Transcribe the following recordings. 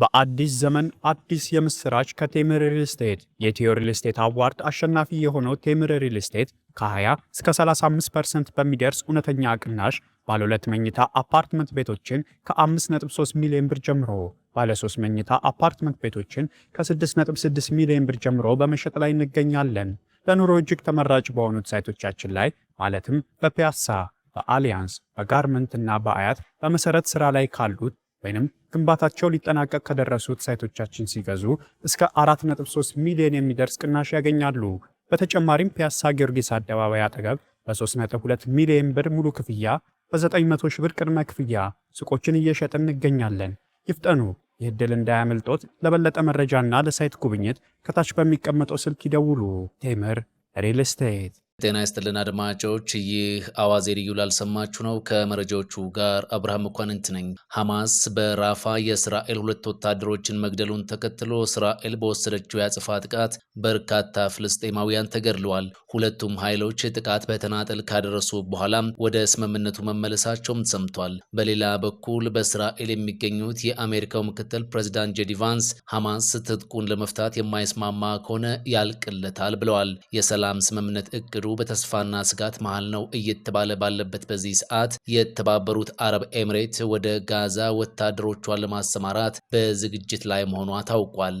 በአዲስ ዘመን አዲስ የምስራች ከቴምር ሪል ስቴት የቴዮ ሪል ስቴት አዋርድ አሸናፊ የሆነው ቴምር ሪል ስቴት ከ20 እስከ 35% በሚደርስ እውነተኛ ቅናሽ ባለ ሁለት መኝታ አፓርትመንት ቤቶችን ከ5.3 ሚሊዮን ብር ጀምሮ ባለ 3 መኝታ አፓርትመንት ቤቶችን ከ6.6 ሚሊዮን ብር ጀምሮ በመሸጥ ላይ እንገኛለን። ለኑሮ እጅግ ተመራጭ በሆኑት ሳይቶቻችን ላይ ማለትም በፒያሳ፣ በአሊያንስ፣ በጋርመንት እና በአያት በመሰረት ስራ ላይ ካሉት ወይም ግንባታቸው ሊጠናቀቅ ከደረሱት ሳይቶቻችን ሲገዙ እስከ 4.3 ሚሊዮን የሚደርስ ቅናሽ ያገኛሉ። በተጨማሪም ፒያሳ ጊዮርጊስ አደባባይ አጠገብ በ3.2 ሚሊዮን ብር ሙሉ ክፍያ፣ በ900 ሺህ ብር ቅድመ ክፍያ ሱቆችን እየሸጥን እንገኛለን። ይፍጠኑ! ይህ ዕድል እንዳያመልጦት። ለበለጠ መረጃና ለሳይት ጉብኝት ከታች በሚቀመጠው ስልክ ይደውሉ። ቴምር ሪል ስቴት ጤና ይስጥልን አድማጮች፣ ይህ አዋዜ ልዩ ላልሰማችሁ ነው። ከመረጃዎቹ ጋር አብርሃም መኳንንት ነኝ። ሐማስ በራፋ የእስራኤል ሁለት ወታደሮችን መግደሉን ተከትሎ እስራኤል በወሰደችው የአጽፋ ጥቃት በርካታ ፍልስጤማውያን ተገድለዋል። ሁለቱም ኃይሎች ጥቃት በተናጠል ካደረሱ በኋላም ወደ ስምምነቱ መመለሳቸውም ተሰምቷል። በሌላ በኩል በእስራኤል የሚገኙት የአሜሪካው ምክትል ፕሬዚዳንት ጄዲ ቫንስ ሐማስ ትጥቁን ለመፍታት የማይስማማ ከሆነ ያልቅለታል ብለዋል። የሰላም ስምምነት እቅዱ በተስፋና ስጋት መሃል ነው እየተባለ ባለበት በዚህ ሰዓት የተባበሩት አረብ ኤምሬት ወደ ጋዛ ወታደሮቿን ለማሰማራት በዝግጅት ላይ መሆኗ ታውቋል።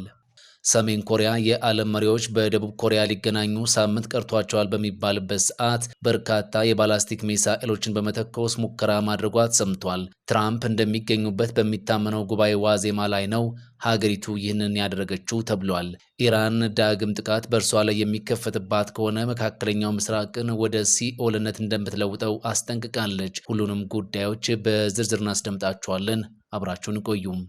ሰሜን ኮሪያ የዓለም መሪዎች በደቡብ ኮሪያ ሊገናኙ ሳምንት ቀርቷቸዋል በሚባልበት ሰዓት በርካታ የባላስቲክ ሚሳኤሎችን በመተኮስ ሙከራ ማድረጓ ተሰምቷል። ትራምፕ እንደሚገኙበት በሚታመነው ጉባኤ ዋዜማ ላይ ነው ሀገሪቱ ይህንን ያደረገችው ተብሏል። ኢራን ዳግም ጥቃት በእርሷ ላይ የሚከፈትባት ከሆነ መካከለኛው ምስራቅን ወደ ሲኦልነት እንደምትለውጠው አስጠንቅቃለች። ሁሉንም ጉዳዮች በዝርዝር እናስደምጣችኋለን። አብራችሁን ቆዩም።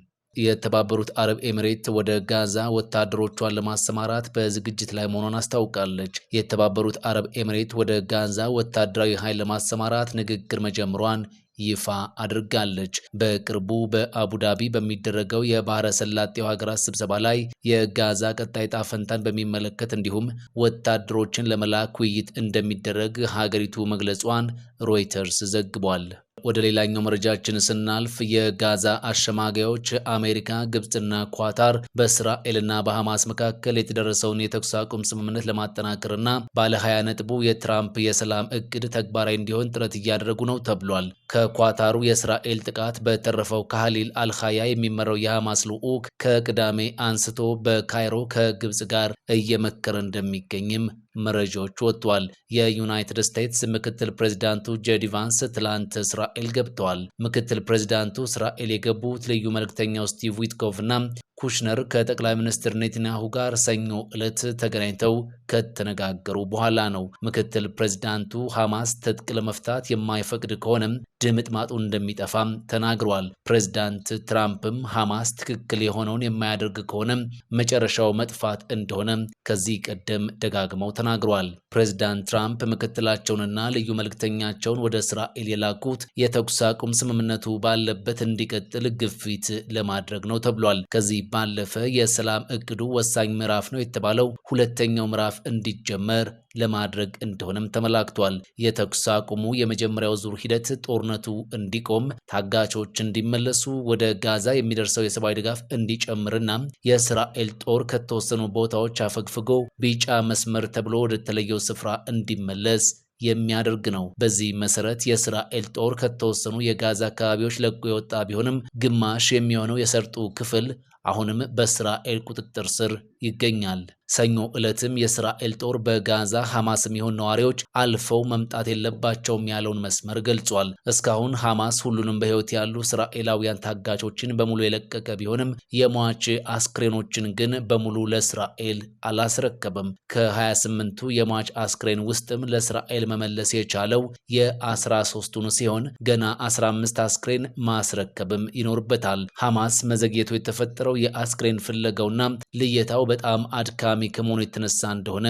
የተባበሩት አረብ ኤሚሬት ወደ ጋዛ ወታደሮቿን ለማሰማራት በዝግጅት ላይ መሆኗን አስታውቃለች። የተባበሩት አረብ ኤሚሬት ወደ ጋዛ ወታደራዊ ኃይል ለማሰማራት ንግግር መጀመሯን ይፋ አድርጋለች። በቅርቡ በአቡዳቢ በሚደረገው የባህረ ሰላጤው ሀገራት ስብሰባ ላይ የጋዛ ቀጣይ ጣፈንታን በሚመለከት እንዲሁም ወታደሮችን ለመላክ ውይይት እንደሚደረግ ሀገሪቱ መግለጿን ሮይተርስ ዘግቧል። ወደ ሌላኛው መረጃችን ስናልፍ የጋዛ አሸማጋዮች አሜሪካ፣ ግብፅና ኳታር በእስራኤልና በሐማስ መካከል የተደረሰውን የተኩስ አቁም ስምምነት ለማጠናከርና ባለ 20 ነጥቡ የትራምፕ የሰላም እቅድ ተግባራዊ እንዲሆን ጥረት እያደረጉ ነው ተብሏል። ከኳታሩ የእስራኤል ጥቃት በተረፈው ካህሊል አልኻያ የሚመራው የሐማስ ልዑክ ከቅዳሜ አንስቶ በካይሮ ከግብፅ ጋር እየመከረ እንደሚገኝም መረጃዎች ወጥቷል። የዩናይትድ ስቴትስ ምክትል ፕሬዚዳንቱ ጄዲ ቫንስ ትላንት እስራኤል ገብተዋል። ምክትል ፕሬዚዳንቱ እስራኤል የገቡት ልዩ መልእክተኛው ስቲቭ ዊትኮቭ እና ኩሽነር ከጠቅላይ ሚኒስትር ኔትንያሁ ጋር ሰኞ ዕለት ተገናኝተው ከተነጋገሩ በኋላ ነው። ምክትል ፕሬዚዳንቱ ሐማስ ትጥቅ ለመፍታት የማይፈቅድ ከሆነም ድምጥማጡ እንደሚጠፋም ተናግረዋል። ፕሬዚዳንት ትራምፕም ሐማስ ትክክል የሆነውን የማያደርግ ከሆነም መጨረሻው መጥፋት እንደሆነ ከዚህ ቀደም ደጋግመው ተናግረዋል። ፕሬዚዳንት ትራምፕ ምክትላቸውንና ልዩ መልእክተኛቸውን ወደ እስራኤል የላኩት የተኩስ አቁም ስምምነቱ ባለበት እንዲቀጥል ግፊት ለማድረግ ነው ተብሏል። ከዚህ ባለፈ የሰላም እቅዱ ወሳኝ ምዕራፍ ነው የተባለው ሁለተኛው ምዕራፍ እንዲጀመር ለማድረግ እንደሆነም ተመላክቷል። የተኩስ አቁሙ የመጀመሪያው ዙር ሂደት ጦርነቱ እንዲቆም፣ ታጋቾች እንዲመለሱ፣ ወደ ጋዛ የሚደርሰው የሰብአዊ ድጋፍ እንዲጨምርና የእስራኤል ጦር ከተወሰኑ ቦታዎች አፈግፍጎ ቢጫ መስመር ተብሎ ወደ ተለየው ስፍራ እንዲመለስ የሚያደርግ ነው። በዚህ መሰረት የእስራኤል ጦር ከተወሰኑ የጋዛ አካባቢዎች ለቆ የወጣ ቢሆንም ግማሽ የሚሆነው የሰርጡ ክፍል አሁንም በእስራኤል ቁጥጥር ስር ይገኛል። ሰኞ ዕለትም የእስራኤል ጦር በጋዛ ሐማስ የሚሆን ነዋሪዎች አልፈው መምጣት የለባቸውም ያለውን መስመር ገልጿል። እስካሁን ሐማስ ሁሉንም በሕይወት ያሉ እስራኤላውያን ታጋቾችን በሙሉ የለቀቀ ቢሆንም የሟች አስክሬኖችን ግን በሙሉ ለእስራኤል አላስረከበም። ከ28ቱ የሟች አስክሬን ውስጥም ለእስራኤል መመለስ የቻለው የ13ቱን ሲሆን ገና 15 አስክሬን ማስረከብም ይኖርበታል። ሐማስ መዘግየቱ የተፈጠረው የአስክሬን ፍለጋውና ልየታው በጣም አድካሚ ተደጋጋሚ ከመሆኑ የተነሳ እንደሆነ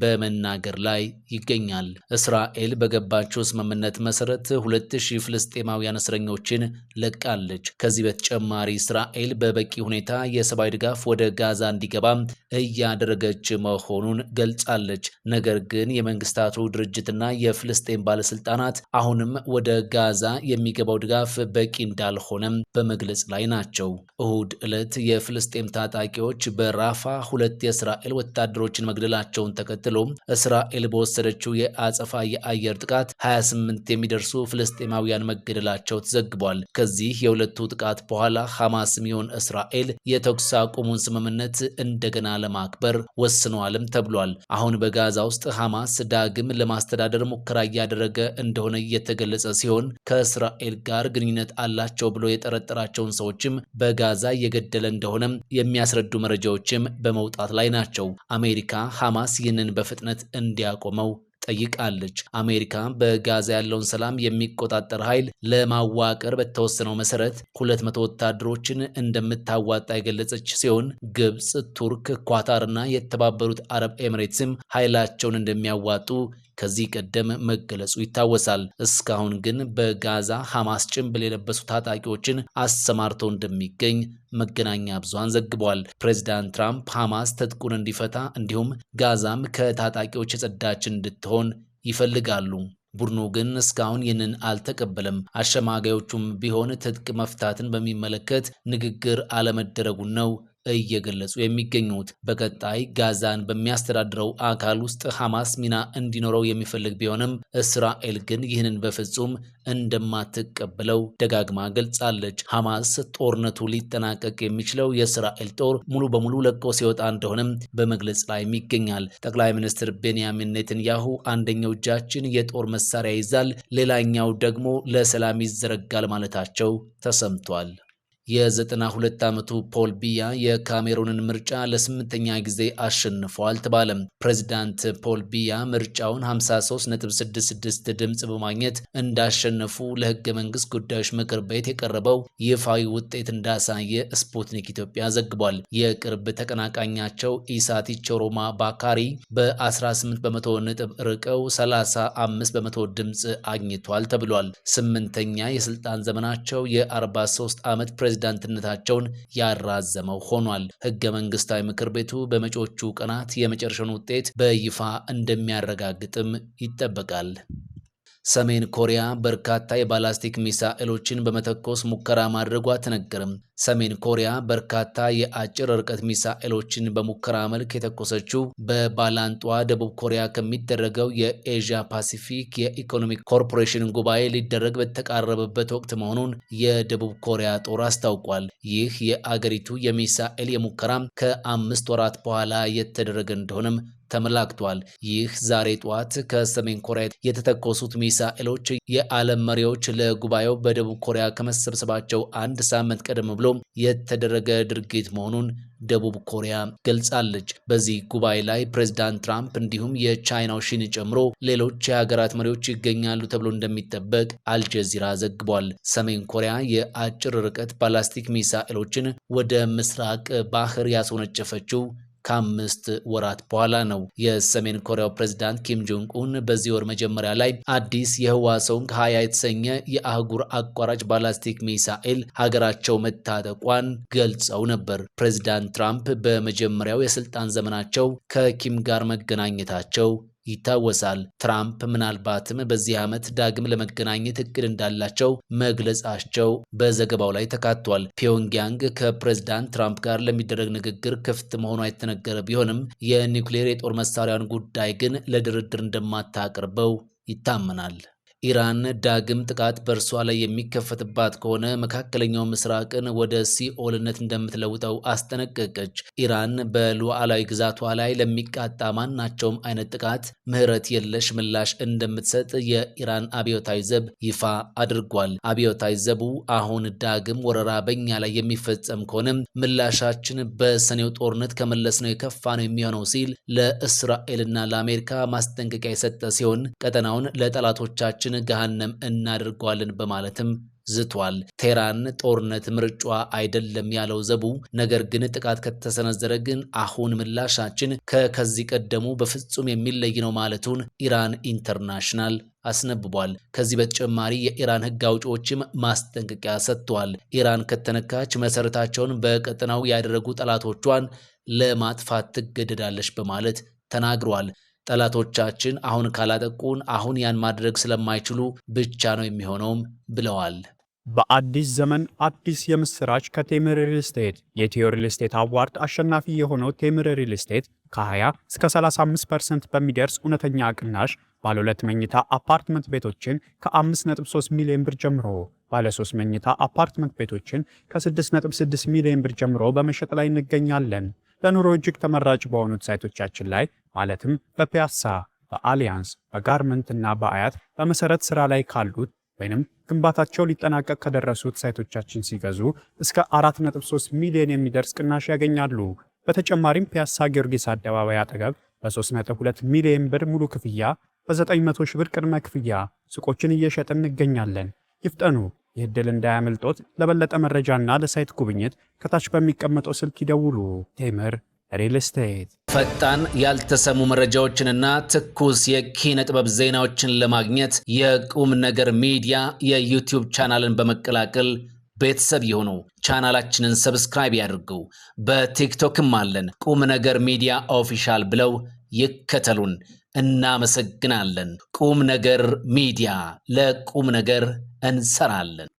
በመናገር ላይ ይገኛል። እስራኤል በገባቸው ስምምነት መሰረት ሁለት ሺህ ፍልስጤማውያን እስረኞችን ለቃለች። ከዚህ በተጨማሪ እስራኤል በበቂ ሁኔታ የሰብአዊ ድጋፍ ወደ ጋዛ እንዲገባ እያደረገች መሆኑን ገልጻለች። ነገር ግን የመንግስታቱ ድርጅትና የፍልስጤም ባለስልጣናት አሁንም ወደ ጋዛ የሚገባው ድጋፍ በቂ እንዳልሆነም በመግለጽ ላይ ናቸው። እሁድ ዕለት የፍልስጤም ታጣቂዎች በራፋ ሁለት የእስራኤል ወታደሮችን መግደላቸውን ተከትሎ ተከትሎ እስራኤል በወሰደችው የአጸፋ የአየር ጥቃት 28 የሚደርሱ ፍልስጤማውያን መገደላቸው ተዘግቧል። ከዚህ የሁለቱ ጥቃት በኋላ ሐማስም ይሁን እስራኤል የተኩስ አቁሙን ስምምነት እንደገና ለማክበር ወስነዋልም ተብሏል። አሁን በጋዛ ውስጥ ሐማስ ዳግም ለማስተዳደር ሙከራ እያደረገ እንደሆነ እየተገለጸ ሲሆን ከእስራኤል ጋር ግንኙነት አላቸው ብሎ የጠረጠራቸውን ሰዎችም በጋዛ እየገደለ እንደሆነም የሚያስረዱ መረጃዎችም በመውጣት ላይ ናቸው። አሜሪካ ሐማስ ይህንን በፍጥነት እንዲያቆመው ጠይቃለች። አሜሪካ በጋዛ ያለውን ሰላም የሚቆጣጠር ኃይል ለማዋቀር በተወሰነው መሰረት ሁለት መቶ ወታደሮችን እንደምታዋጣ የገለጸች ሲሆን ግብፅ፣ ቱርክ፣ ኳታርና የተባበሩት አረብ ኤምሬትስም ኃይላቸውን እንደሚያዋጡ ከዚህ ቀደም መገለጹ ይታወሳል። እስካሁን ግን በጋዛ ሐማስ ጭንብል የለበሱ ታጣቂዎችን አሰማርተው እንደሚገኝ መገናኛ ብዙሃን ዘግቧል። ፕሬዚዳንት ትራምፕ ሐማስ ትጥቁን እንዲፈታ እንዲሁም ጋዛም ከታጣቂዎች የጸዳች እንድትሆን ይፈልጋሉ። ቡድኑ ግን እስካሁን ይህንን አልተቀበለም። አሸማጋዮቹም ቢሆን ትጥቅ መፍታትን በሚመለከት ንግግር አለመደረጉን ነው እየገለጹ የሚገኙት። በቀጣይ ጋዛን በሚያስተዳድረው አካል ውስጥ ሐማስ ሚና እንዲኖረው የሚፈልግ ቢሆንም እስራኤል ግን ይህንን በፍጹም እንደማትቀበለው ደጋግማ ገልጻለች። ሐማስ ጦርነቱ ሊጠናቀቅ የሚችለው የእስራኤል ጦር ሙሉ በሙሉ ለቆ ሲወጣ እንደሆነም በመግለጽ ላይ ይገኛል። ጠቅላይ ሚኒስትር ቤንያሚን ኔትንያሁ አንደኛው እጃችን የጦር መሳሪያ ይዛል፣ ሌላኛው ደግሞ ለሰላም ይዘረጋል ማለታቸው ተሰምቷል። የዘጠና ሁለት ዓመቱ ፖል ቢያ የካሜሩንን ምርጫ ለስምንተኛ ጊዜ አሸንፏል ተባለም። ፕሬዚዳንት ፖል ቢያ ምርጫውን 53.66 ድምፅ በማግኘት እንዳሸነፉ ለሕገ መንግስት ጉዳዮች ምክር ቤት የቀረበው ይፋዊ ውጤት እንዳሳየ ስፑትኒክ ኢትዮጵያ ዘግቧል። የቅርብ ተቀናቃኛቸው ኢሳቲቾሮማ ባካሪ በ18 በመቶ ነጥብ ርቀው 35 በመቶ ድምፅ አግኝቷል ተብሏል። ስምንተኛ የስልጣን ዘመናቸው የ43 ዓመት ፕሬዝዳንትነታቸውን ያራዘመው ሆኗል። ህገ መንግስታዊ ምክር ቤቱ በመጪዎቹ ቀናት የመጨረሻውን ውጤት በይፋ እንደሚያረጋግጥም ይጠበቃል። ሰሜን ኮሪያ በርካታ የባላስቲክ ሚሳኤሎችን በመተኮስ ሙከራ ማድረጓ ተነገረም። ሰሜን ኮሪያ በርካታ የአጭር ርቀት ሚሳኤሎችን በሙከራ መልክ የተኮሰችው በባላንጧ ደቡብ ኮሪያ ከሚደረገው የኤዥያ ፓሲፊክ የኢኮኖሚክ ኮርፖሬሽን ጉባኤ ሊደረግ በተቃረበበት ወቅት መሆኑን የደቡብ ኮሪያ ጦር አስታውቋል። ይህ የአገሪቱ የሚሳኤል የሙከራ ከአምስት ወራት በኋላ የተደረገ እንደሆነም ተመላክቷል። ይህ ዛሬ ጠዋት ከሰሜን ኮሪያ የተተኮሱት ሚሳኤሎች የዓለም መሪዎች ለጉባኤው በደቡብ ኮሪያ ከመሰብሰባቸው አንድ ሳምንት ቀደም ብሎ የተደረገ ድርጊት መሆኑን ደቡብ ኮሪያ ገልጻለች። በዚህ ጉባኤ ላይ ፕሬዝዳንት ትራምፕ እንዲሁም የቻይናው ሺን ጨምሮ ሌሎች የሀገራት መሪዎች ይገኛሉ ተብሎ እንደሚጠበቅ አልጀዚራ ዘግቧል። ሰሜን ኮሪያ የአጭር ርቀት ባላስቲክ ሚሳኤሎችን ወደ ምስራቅ ባህር ያስወነጨፈችው ከአምስት ወራት በኋላ ነው። የሰሜን ኮሪያው ፕሬዝዳንት ኪም ጆንግ ኡን በዚህ ወር መጀመሪያ ላይ አዲስ የህዋ ሰውንግ ሀያ የተሰኘ የአህጉር አቋራጭ ባላስቲክ ሚሳኤል ሀገራቸው መታጠቋን ገልጸው ነበር። ፕሬዚዳንት ትራምፕ በመጀመሪያው የስልጣን ዘመናቸው ከኪም ጋር መገናኘታቸው ይታወሳል። ትራምፕ ምናልባትም በዚህ ዓመት ዳግም ለመገናኘት እቅድ እንዳላቸው መግለጻቸው በዘገባው ላይ ተካቷል። ፒዮንግያንግ ከፕሬዝዳንት ትራምፕ ጋር ለሚደረግ ንግግር ክፍት መሆኗ የተነገረ ቢሆንም የኒውክሌር የጦር መሳሪያን ጉዳይ ግን ለድርድር እንደማታቀርበው ይታመናል። ኢራን ዳግም ጥቃት በእርሷ ላይ የሚከፈትባት ከሆነ መካከለኛው ምስራቅን ወደ ሲኦልነት እንደምትለውጠው አስጠነቀቀች። ኢራን በሉዓላዊ ግዛቷ ላይ ለሚቃጣ ማናቸውም አይነት ጥቃት ምህረት የለሽ ምላሽ እንደምትሰጥ የኢራን አብዮታዊ ዘብ ይፋ አድርጓል። አብዮታዊ ዘቡ አሁን ዳግም ወረራ በኛ ላይ የሚፈጸም ከሆነም ምላሻችን በሰኔው ጦርነት ከመለስነው የከፋ ነው የሚሆነው ሲል ለእስራኤልና ለአሜሪካ ማስጠንቀቂያ የሰጠ ሲሆን ቀጠናውን ለጠላቶቻችን ራሳችን ገሃነም እናደርገዋለን በማለትም ዝቷል። ቴህራን ጦርነት ምርጫ አይደለም ያለው ዘቡ፣ ነገር ግን ጥቃት ከተሰነዘረ ግን አሁን ምላሻችን ከከዚህ ቀደሙ በፍጹም የሚለይ ነው ማለቱን ኢራን ኢንተርናሽናል አስነብቧል። ከዚህ በተጨማሪ የኢራን ሕግ አውጪዎችም ማስጠንቀቂያ ሰጥቷል። ኢራን ከተነካች መሰረታቸውን በቀጠናው ያደረጉ ጠላቶቿን ለማጥፋት ትገደዳለች በማለት ተናግሯል። ጠላቶቻችን አሁን ካላጠቁን አሁን ያን ማድረግ ስለማይችሉ ብቻ ነው የሚሆነውም ብለዋል። በአዲስ ዘመን አዲስ የምስራች ከቴምር ሪል ስቴት የኢትዮ ሪል ስቴት አዋርድ አሸናፊ የሆነው ቴምር ሪል ስቴት ከ20 እስከ 35% በሚደርስ እውነተኛ ቅናሽ ባለ ሁለት መኝታ አፓርትመንት ቤቶችን ከ5.3 ሚሊዮን ብር ጀምሮ ባለ 3 መኝታ አፓርትመንት ቤቶችን ከ6.6 ሚሊዮን ብር ጀምሮ በመሸጥ ላይ እንገኛለን። ለኑሮ እጅግ ተመራጭ በሆኑት ሳይቶቻችን ላይ ማለትም በፒያሳ፣ በአሊያንስ፣ በጋርመንት እና በአያት በመሰረት ስራ ላይ ካሉት ወይም ግንባታቸው ሊጠናቀቅ ከደረሱት ሳይቶቻችን ሲገዙ እስከ 4.3 ሚሊዮን የሚደርስ ቅናሽ ያገኛሉ። በተጨማሪም ፒያሳ ጊዮርጊስ አደባባይ አጠገብ በ3.2 ሚሊዮን ብር ሙሉ ክፍያ፣ በ900 ሺህ ብር ቅድመ ክፍያ ሱቆችን እየሸጥን እንገኛለን። ይፍጠኑ። ይህ ዕድል እንዳያመልጦት ለበለጠ መረጃና ለሳይት ጉብኝት ከታች በሚቀመጠው ስልክ ይደውሉ። ቴምር ሪል ስቴት ፈጣን ያልተሰሙ መረጃዎችንና ትኩስ የኪነ ጥበብ ዜናዎችን ለማግኘት የቁም ነገር ሚዲያ የዩቲዩብ ቻናልን በመቀላቀል ቤተሰብ የሆኑ ቻናላችንን ሰብስክራይብ ያድርጉ። በቲክቶክም አለን። ቁም ነገር ሚዲያ ኦፊሻል ብለው ይከተሉን። እናመሰግናለን። ቁም ነገር ሚዲያ ለቁም ነገር እንሰራለን።